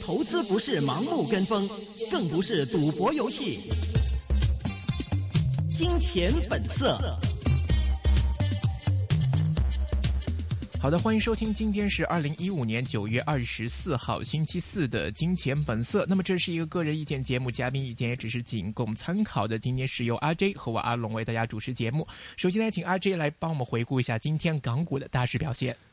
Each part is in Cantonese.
投資不是盲目跟風，更不是賭博遊戲。金錢本色，色。好的，歡迎收聽，今天是二零一五年九月二十四號星期四的《金錢本色》。那麼這是一個個人意見節目，嘉賓意見也只是僅供參考的。今天是由阿 J 和我阿龍為大家主持節目。首先來請阿 J 來幫我們回顧一下今天港股的大市表現。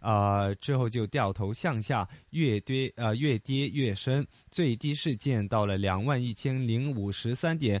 啊、呃，之後就掉頭向下，越跌啊、呃、越跌越深，最低是見到了兩萬一千零五十三點。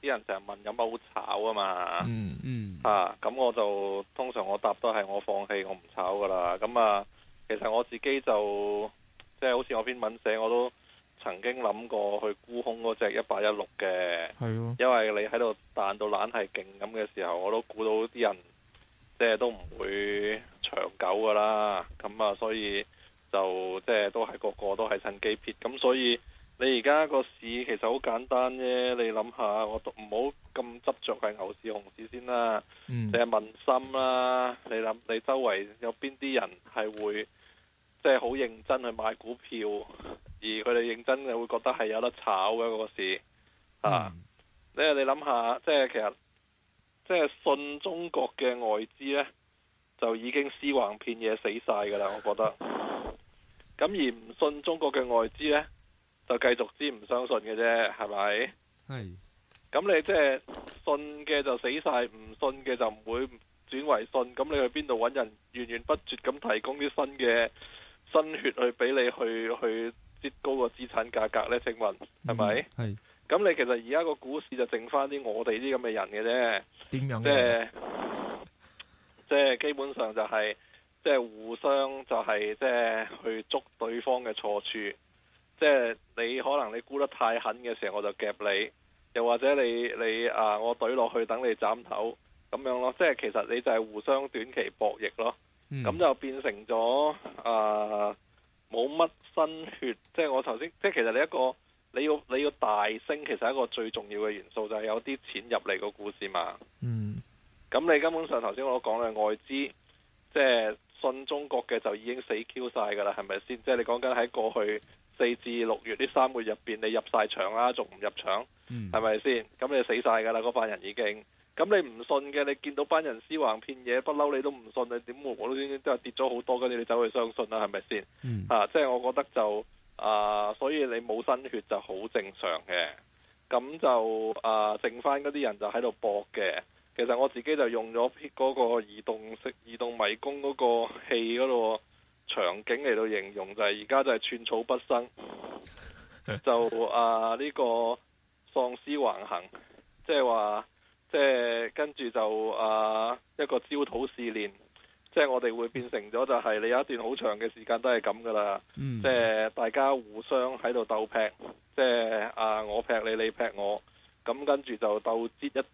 啲人成日問有乜好炒啊嘛，嗯嗯，嚇、嗯、咁、啊、我就通常我答都係我放棄，我唔炒噶啦。咁啊，其實我自己就即係、就是、好似我篇文寫，我都曾經諗過去沽空嗰隻一八一六嘅，係、嗯、因為你喺度彈到懶係勁咁嘅時候，我都估到啲人即係、就是、都唔會長久噶啦。咁啊，所以就即係、就是、都係個個都係趁機撇，咁所以。你而家個市其實好簡單啫，你諗下，我都唔好咁執着係牛市熊市先啦。嗯、你係問心啦，你諗你周圍有邊啲人係會即係好認真去買股票，而佢哋認真就會覺得係有得炒嘅，嗰個市，嗯、啊。你你諗下，即係其實即係信中國嘅外資呢，就已經屍橫遍野死晒噶啦。我覺得咁而唔信中國嘅外資呢？就繼續知唔相信嘅啫，係咪？係。咁你即係信嘅就死晒，唔信嘅就唔會轉為信。咁你去邊度揾人，源源不絕咁提供啲新嘅新血去俾你去去接高個資產價格呢？請問係咪？係。咁、嗯、你其實而家個股市就剩翻啲我哋啲咁嘅人嘅啫。點樣咧？即係基本上就係即係互相就係即係去捉對方嘅錯處。即係你可能你沽得太狠嘅時候，我就夾你；又或者你你啊，我對落去等你斬頭咁樣咯。即係其實你就係互相短期博弈咯。咁、嗯、就變成咗啊，冇乜新血。即係我頭先，即係其實你一個你要你要大升，其實一個最重要嘅元素就係有啲錢入嚟個故事嘛。嗯。咁你根本上頭先我講嘅外資，即係信中國嘅就已經死 Q 晒㗎啦，係咪先？即係你講緊喺過去。四至六月呢三個月入邊，你入晒場啦，仲唔入場？係咪先？咁你死晒㗎啦！嗰班人已經，咁你唔信嘅，你見到班人屍橫遍野不嬲，你都唔信，你點會？我都已經都係跌咗好多，跟住你走去相信啦，係咪先？嗯、啊，即係我覺得就啊、呃，所以你冇新血就好正常嘅，咁就啊、呃，剩翻嗰啲人就喺度搏嘅。其實我自己就用咗嗰個移動式移動迷宮嗰個器嗰度。場景嚟到形容就係而家就係寸草不生，就啊呢、這個喪屍橫行，即係話即係跟住就，是就是、著就啊一個焦土試煉，即、就、係、是、我哋會變成咗就係、是、你有一段好長嘅時間都係咁噶啦，即係、嗯、大家互相喺度鬥劈，即、就、係、是、啊我劈你，你劈我，咁跟住就鬥截一段，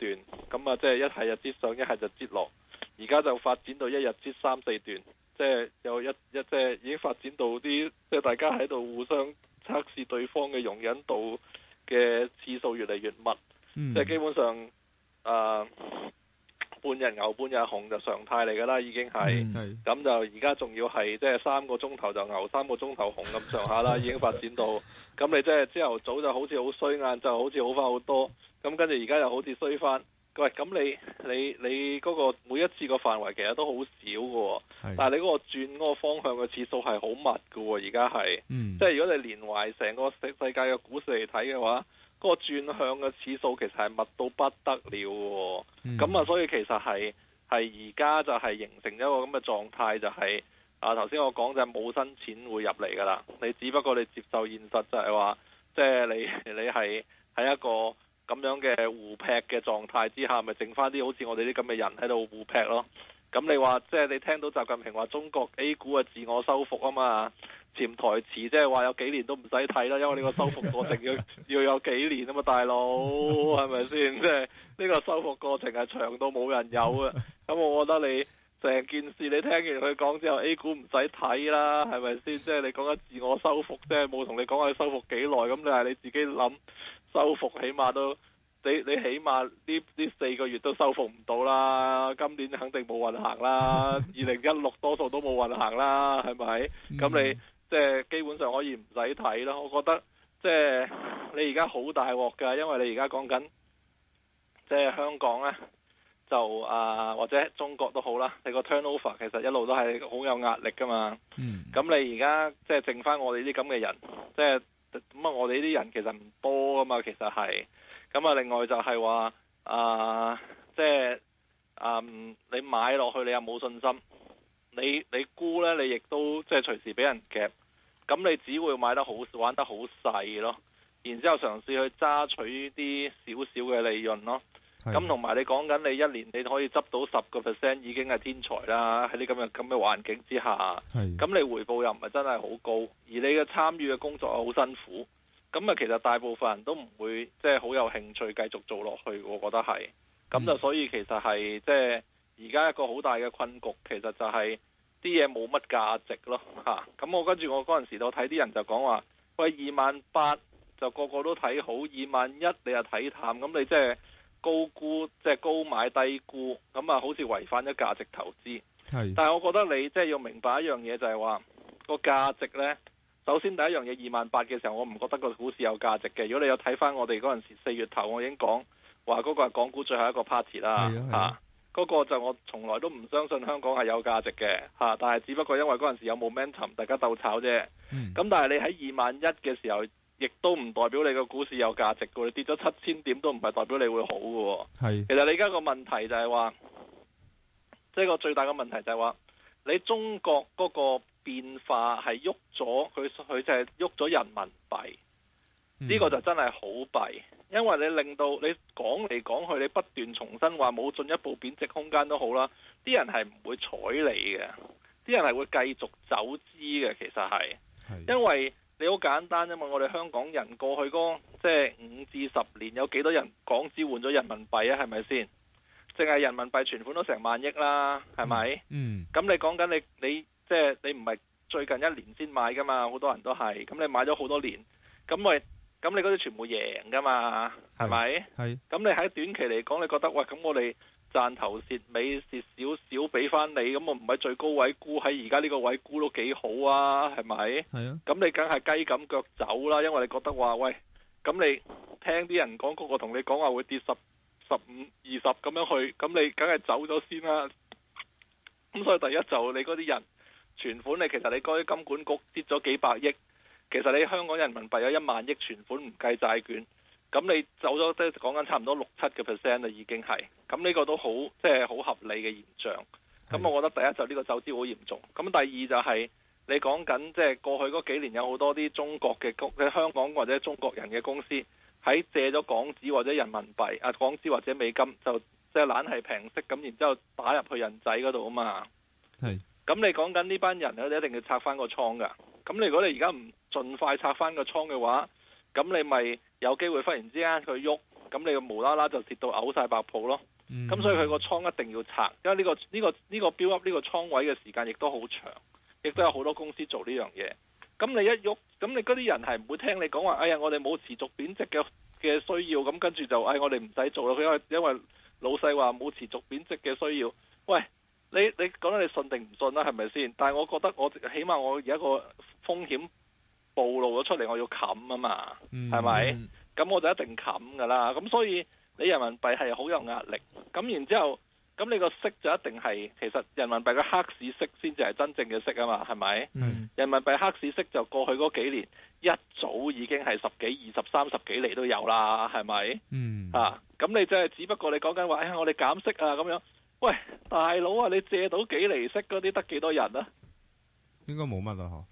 咁啊即係一係就截上，一係就截落。而家就發展到一日之三四段，即係有一一即係已經發展到啲，即係大家喺度互相測試對方嘅容忍度嘅次數越嚟越密，嗯、即係基本上，誒、呃，半日牛半日紅就常態嚟噶啦，已經係，咁、嗯、就而家仲要係即係三個鐘頭就牛三個鐘頭紅咁上下啦，已經發展到，咁 你即係朝頭早就好似好衰，晏晝就好似好翻好多，咁跟住而家又好似衰翻。喂，咁你你你嗰個每一次個範圍其實都好少喎。是的 但係你嗰個轉嗰個方向嘅次數係好密喎。而家係，嗯、即係如果你連懷成個世界嘅股市嚟睇嘅話，嗰、嗰個轉向嘅次數其實係密到不得了。咁啊，所以其實係係而家就係形成咗一個咁嘅狀態，就係、是、啊頭先我講就係冇新錢會入嚟㗎啦。你只不過你接受現實就係話，即、就、係、是、你你係係一個。咁樣嘅互劈嘅狀態之下，咪剩翻啲好似我哋啲咁嘅人喺度互劈咯。咁你話即係你聽到習近平話中國 A 股嘅自我修復啊嘛？潛台詞即係話有幾年都唔使睇啦，因為呢個修復過程要 要有幾年啊嘛，大佬係咪先？即係呢個修復過程係長到冇人有啊。咁 我覺得你成件事你聽完佢講之後，A 股唔使睇啦，係咪先？即係你講緊自我修復，即係冇同你講佢修復幾耐，咁你係你自己諗。收復起碼都，你你起碼呢呢四個月都收復唔到啦，今年肯定冇運行啦，二零一六多數都冇運行啦，係咪？咁你即係、嗯、基本上可以唔使睇咯。我覺得即係你而家好大鑊㗎，因為你而家講緊即係香港呢，就啊、呃、或者中國都好啦，你個 turnover 其實一路都係好有壓力㗎嘛。嗯。咁你而家即係剩返我哋啲咁嘅人，即係。咁啊、嗯，我哋呢啲人其實唔多㗎嘛，其實係咁啊。另外就係話啊，即係啊、嗯，你買落去你又冇信心，你你沽呢，你亦都即係隨時俾人夾，咁、嗯、你只會買得好玩得好細咯，然之後嘗試去揸取啲少少嘅利潤咯。咁同埋你講緊你一年你可以執到十個 percent 已經係天才啦，喺呢咁嘅咁嘅環境之下，咁是的 你回報又唔係真係好高，而你嘅參與嘅工作又好辛苦，咁啊其實大部分人都唔會即係好有興趣繼續做落去，我覺得係。咁就所以其實係即係而家一個好大嘅困局，其實就係啲嘢冇乜價值咯嚇。咁我跟住我嗰陣時，我睇啲人就講話，喂，二萬八就個個都睇好，二萬一你又睇淡，咁你即係。高估即係、就是、高買低估，咁啊好似違反咗價值投資。是的 但係我覺得你即係、就是、要明白一樣嘢，就係話個價值呢。首先第一樣嘢，二萬八嘅時候，我唔覺得個股市有價值嘅。如果你有睇翻我哋嗰陣時四月頭，我已經講話嗰個係港股最後一個 party 啦。吓，嗰、啊那個就我從來都唔相信香港係有價值嘅。吓、啊，但係只不過因為嗰陣時有冇 man m 大家鬥炒啫。咁、嗯、但係你喺二萬一嘅時候。亦都唔代表你個股市有價值噶，你跌咗七千點都唔係代表你會好噶。是其實你而家個問題就係話，即係個最大嘅問題就係話，你中國嗰個變化係喐咗佢，佢就係喐咗人民幣。呢、嗯、個就真係好弊，因為你令到你講嚟講去，你不斷重申話冇進一步貶值空間都好啦，啲人係唔會睬你嘅，啲人係會繼續走資嘅。其實係，是因為。你好簡單啫嘛，我哋香港人過去嗰即係五至十年有幾多人港紙換咗人民幣啊？係咪先？淨係人民幣存款都成萬億啦，係咪？嗯，嗯。咁你講緊你你即係你唔係最近一年先買噶嘛？好多人都係，咁你買咗好多年，咁咪咁你嗰啲全部贏噶嘛？係咪？係。咁你喺短期嚟講，你覺得，喂，咁我哋？賺頭蝕尾，蝕少少俾翻你，咁我唔喺最高位沽，喺而家呢個位沽都幾好啊，係咪？係啊，咁你梗係雞咁腳走啦，因為你覺得話喂，咁你聽啲人講，嗰個同你講話會跌十、十五、二十咁樣去，咁你梗係走咗先啦。咁所以第一就是、你嗰啲人存款你，你其實你嗰啲金管局跌咗幾百億，其實你香港人民幣有一萬億存款唔計債券。咁你走咗即係講緊差唔多六七個 percent 啦，已經係。咁呢個都好即係好合理嘅現象。咁是的 我覺得第一就呢、是、個走資好嚴重，咁第二就係、是、你講緊即係過去嗰幾年有好多啲中國嘅局，即係香港或者中國人嘅公司喺借咗港紙或者人民幣啊，港紙或者美金，就即係、就是、懶係平息咁，然之後打入去人仔嗰度啊嘛。係。咁你講緊呢班人咧，你一定要拆翻個倉㗎。咁你如果你而家唔盡快拆翻個倉嘅話，咁你咪有機會忽然之間佢喐，咁你個無啦啦就跌到嘔曬白泡咯。咁、嗯、所以佢個倉一定要拆，因為呢、這個呢、這個呢、呢個 build up 呢個倉位嘅時間亦都好長，亦都有好多公司做呢樣嘢。咁你一喐，咁你嗰啲人係唔會聽你講話。哎呀，我哋冇持續貶值嘅嘅需要，咁跟住就哎，我哋唔使做啦。佢因為因為老細話冇持續貶值嘅需要。喂，你你講你信定唔信啦、啊？係咪先？但係我覺得我起碼我有一個風險。暴露咗出嚟，我要冚啊嘛，係咪、嗯？咁我就一定冚噶啦。咁所以你人民幣係好有壓力，咁然之後，咁你個息就一定係，其實人民幣嘅黑市息先至係真正嘅息啊嘛，係咪？嗯、人民幣黑市息就過去嗰幾年一早已經係十幾、二十、三十幾厘都有啦，係咪？嗯、啊，咁你即係只不過你講緊話，哎我哋減息啊，咁樣，喂，大佬啊，你借到幾厘息嗰啲得幾多人啊？應該冇乜啦，嗬。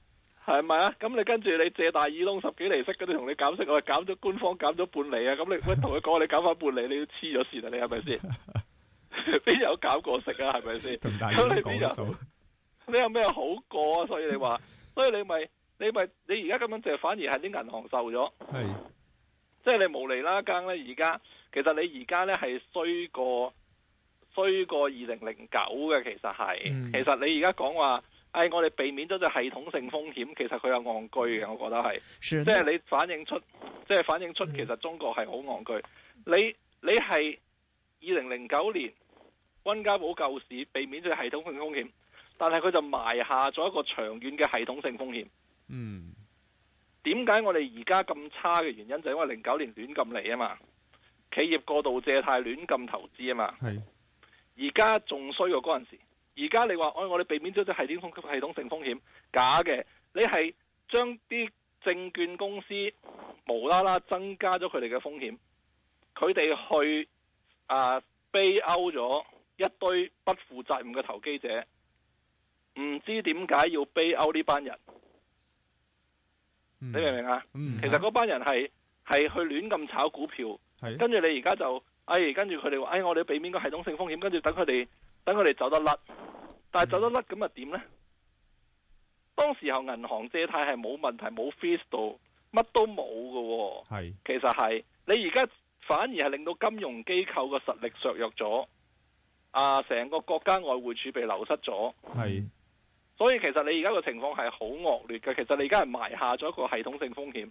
係咪啊？咁你跟住你借大耳窿十幾厘息嗰啲同你減息，我哋減咗官方減咗半厘啊！咁你喂同佢講你減翻半厘，你都黐咗線啦！你係咪先？邊 有減過息啊？係咪先？咁你邊有？ 你有咩好過啊？所以你話，所以你咪你咪你而家咁樣借，反而係啲銀行受咗。係是，即係你無厘啦更咧。而家其實你而家咧係衰過衰過二零零九嘅，其實係。其實你而家講話。誒，我哋避免咗隻系統性風險，其實佢有戇居嘅，我覺得係，的即係你反映出，即係反映出其實中國係好戇居。你你係二零零九年溫家寶救市，避免咗系統性風險，但係佢就埋下咗一個長遠嘅系統性風險。嗯，點解我哋而家咁差嘅原因就係因為零九年亂咁嚟啊嘛，企業過度借貸、亂咁投資啊嘛，而家仲衰過嗰陣時。而家你話，哎，我哋避免咗啲系統性風險，假嘅。你係將啲證券公司無啦啦增加咗佢哋嘅風險，佢哋去啊 bail out 咗一堆不負責任嘅投機者，唔知點解要 bail out 呢班人？嗯、你明唔明啊？嗯、其實嗰班人係係去亂咁炒股票，啊、跟住你而家就，哎，跟住佢哋話，哎，我哋避免個系統性風險，跟住等佢哋。等佢哋走得甩，但係走得甩咁啊？點呢？當時候銀行借貸係冇問題，冇 f 費到乜都冇嘅。係是，其實係你而家反而係令到金融機構嘅實力削弱咗。啊，成個國家外匯儲備流失咗。係是，所以其實你而家個情況係好惡劣嘅。其實你而家係埋下咗一個系統性風險。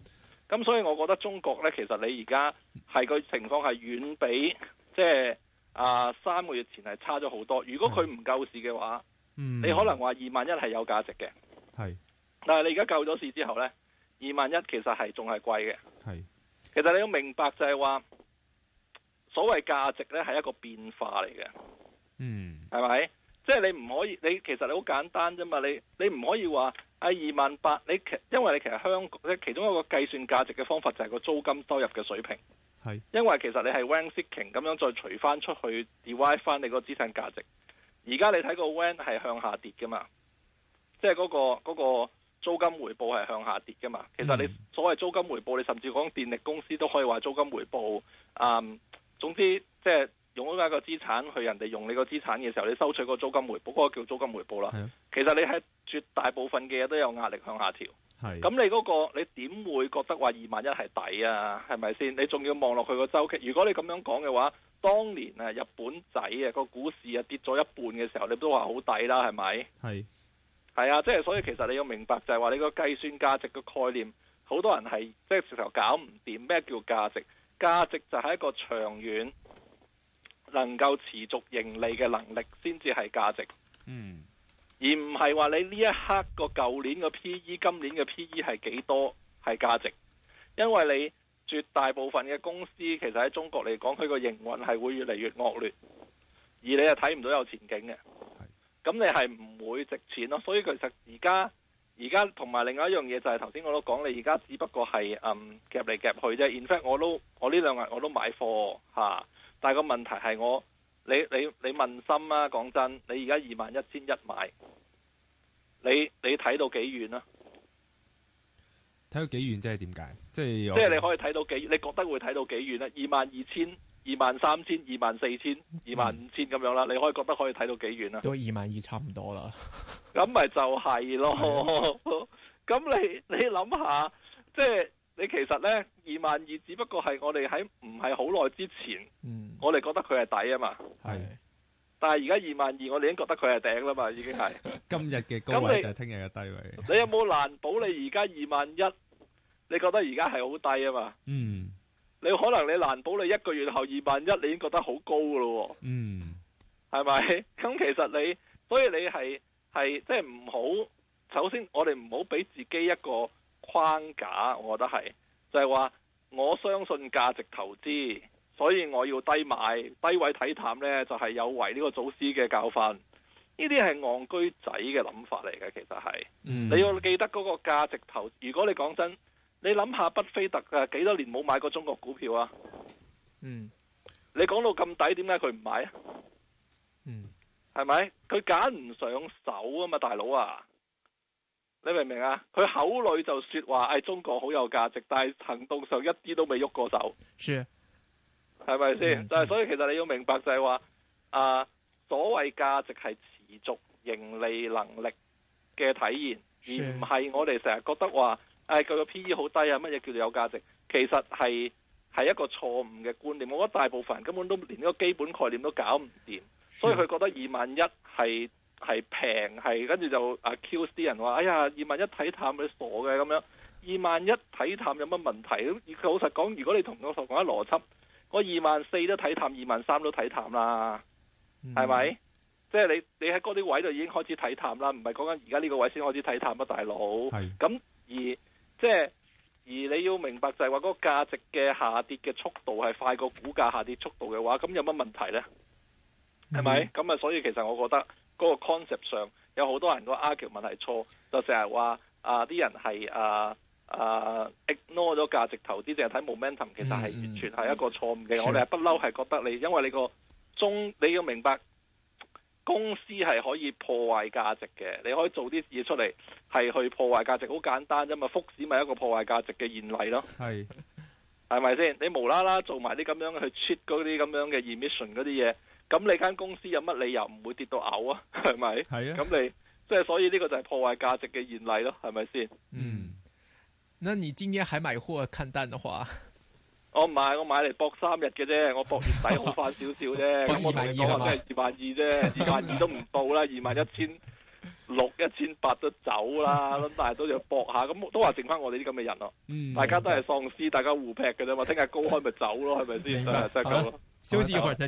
咁所以我覺得中國咧，其實你而家係個情況係遠比即係。即係啊，三個月前係差咗好多。如果佢唔救市嘅話，嗯，你可能話二萬一係有價值嘅，係。但係你而家救咗市之後呢，二萬一其實係仲係貴嘅，係。其實你要明白就係話，所謂價值呢係一個變化嚟嘅，嗯，係咪？即係你唔可以，你其實你好簡單啫嘛。你你唔可以話係二萬八，你其因為你其實香港其中一個計算價值嘅方法就係個租金收入嘅水平。是因為其實你係 rent seeking 咁樣再除翻出去 divide 翻你個資產價值。而家你睇個 rent 係向下跌噶嘛，即係嗰、嗰個、嗰個租金回報係向下跌噶嘛。其實你所謂租金回報，你甚至講電力公司都可以話租金回報。嗯，總之即係用咗一個資產去人哋用你個資產嘅時候，你收取個租金回報，嗰、嗰個叫租金回報啦。的其實你喺絕大部分嘅嘢都有壓力向下調。咁你嗰、那個你點會覺得話二萬一係抵啊？係咪先？你仲要望落去個周期。如果你咁樣講嘅話，當年啊日本仔啊個股市啊跌咗一半嘅時候，你都話好抵啦，係咪？係，係啊，即係是、啊就是、所以其實你要明白就係話你個計算價值嘅概念，好多人係即係直頭搞唔掂咩叫價值？價值就係一個長遠能夠持續盈利嘅能力先至係價值。嗯。而唔係話你呢一刻個舊年嘅 PE、今年嘅 PE 係幾多係價值，因為你絕大部分嘅公司其實喺中國嚟講，佢個營運係會越嚟越惡劣，而你又睇唔到有前景嘅，咁你係唔會值錢咯。所以其實而家而家同埋另外一樣嘢就係頭先我都講，你而家只不過係嗯，夾嚟夾去啫。In fact，我都我呢兩日我都買貨嚇，啊，但係個問題係我。你你你問心啦，講真，你而家二萬一千一買，你你睇到幾遠啊？睇到幾遠即係點解？即係即係你可以睇到幾？你覺得會睇到幾遠啊？二萬二千、二萬三千、二萬四千、二萬五千咁樣啦，你可以覺得可以睇到幾遠啊？嗯、都二萬二差唔多啦，咁 咪就係咯。咁的 你你諗下，即係。你其實呢，二萬二只不過係我哋喺唔係好耐之前，嗯、我哋覺得佢係底啊嘛。係是，但係而家二萬二，我哋已經覺得佢係頂啦嘛，已經係。 今日嘅高位你就係聽日嘅低位。你有冇難保你而家二萬一？你覺得而家係好低啊嘛？嗯。你可能你難保你一個月後二萬一，你已經覺得好高噶咯、啊？嗯。係咪？咁其實你，所以你係係即係唔好。首先，我哋唔好俾自己一個。框架，我覺得係就係、是、話，我相信價值投資，所以我要低買低位睇淡呢，就係、是、有違呢個祖師嘅教訓。呢啲係戇居仔嘅諗法嚟嘅，其實係，嗯、你要記得嗰個價值投資。如果你講真，你諗下巴菲特啊，幾多年冇買過中國股票啊？嗯，你講到咁抵點解佢唔買啊？係咪？佢揀唔上手啊嘛，大佬啊！你明唔明啊？佢口裏就說話，誒、哎，中國好有價值，但係行動上一啲都未喐過手，係咪先？但係、嗯、所以，其實你要明白就係話，啊，所謂價值係持續盈利能力嘅體現，是而唔係我哋成日覺得話，誒、哎，佢個 P/E 好低啊，乜嘢叫做有價值？其實係係一個錯誤嘅觀念。我覺得大部分人根本都連個基本概念都搞唔掂，是所以佢覺得二萬一係。係平係，跟住就阿 Q 啲人話：哎呀，二萬一睇淡你傻嘅咁樣，二萬一睇淡有乜問題？咁佢老實講，如果你同我所講嘅邏輯，我二萬四都睇淡，二萬三都睇淡啦，係咪、嗯？即係、就是、你你喺嗰啲位就已經開始睇淡啦，唔係講緊而家呢個位先開始睇淡啊，大佬。咁是而即係、就是、而你要明白就係話嗰個價值嘅下跌嘅速度係快過股價下跌速度嘅話，咁有乜問題呢？係咪？咁啊、嗯，所以其實我覺得。嗰個 concept 上有好多人個 argument 係錯，就成日話啊啲人係啊啊 ignore 咗價值投資，淨係睇 momentum，其實係完全係一個錯誤嘅。我哋係不嬲，係覺得你因為你個中你要明白公司係可以破壞價值嘅，你可以做啲嘢出嚟係去破壞價值，好簡單啫嘛。福士咪一個破壞價值嘅現例咯，係係咪先？你無啦啦做埋啲咁樣去 check 嗰啲咁樣嘅 emission 嗰啲嘢。咁你間公司有乜理由唔會跌到嘔啊？係咪？係啊。咁你即係所以呢個就係破壞價值嘅現例咯，係咪先？嗯。那你今年還買貨？看淡的話？我唔買，我買嚟搏三日嘅啫，我搏月底好翻少少啫。二萬二啦？二萬二啫，二萬二都唔到啦，二萬一千六、一千八都走啦。咁但係都要搏下，咁都話剩翻我哋啲咁嘅人咯。大家都係喪屍，大家互劈嘅啫嘛。聽日高開咪走咯，係咪先？係。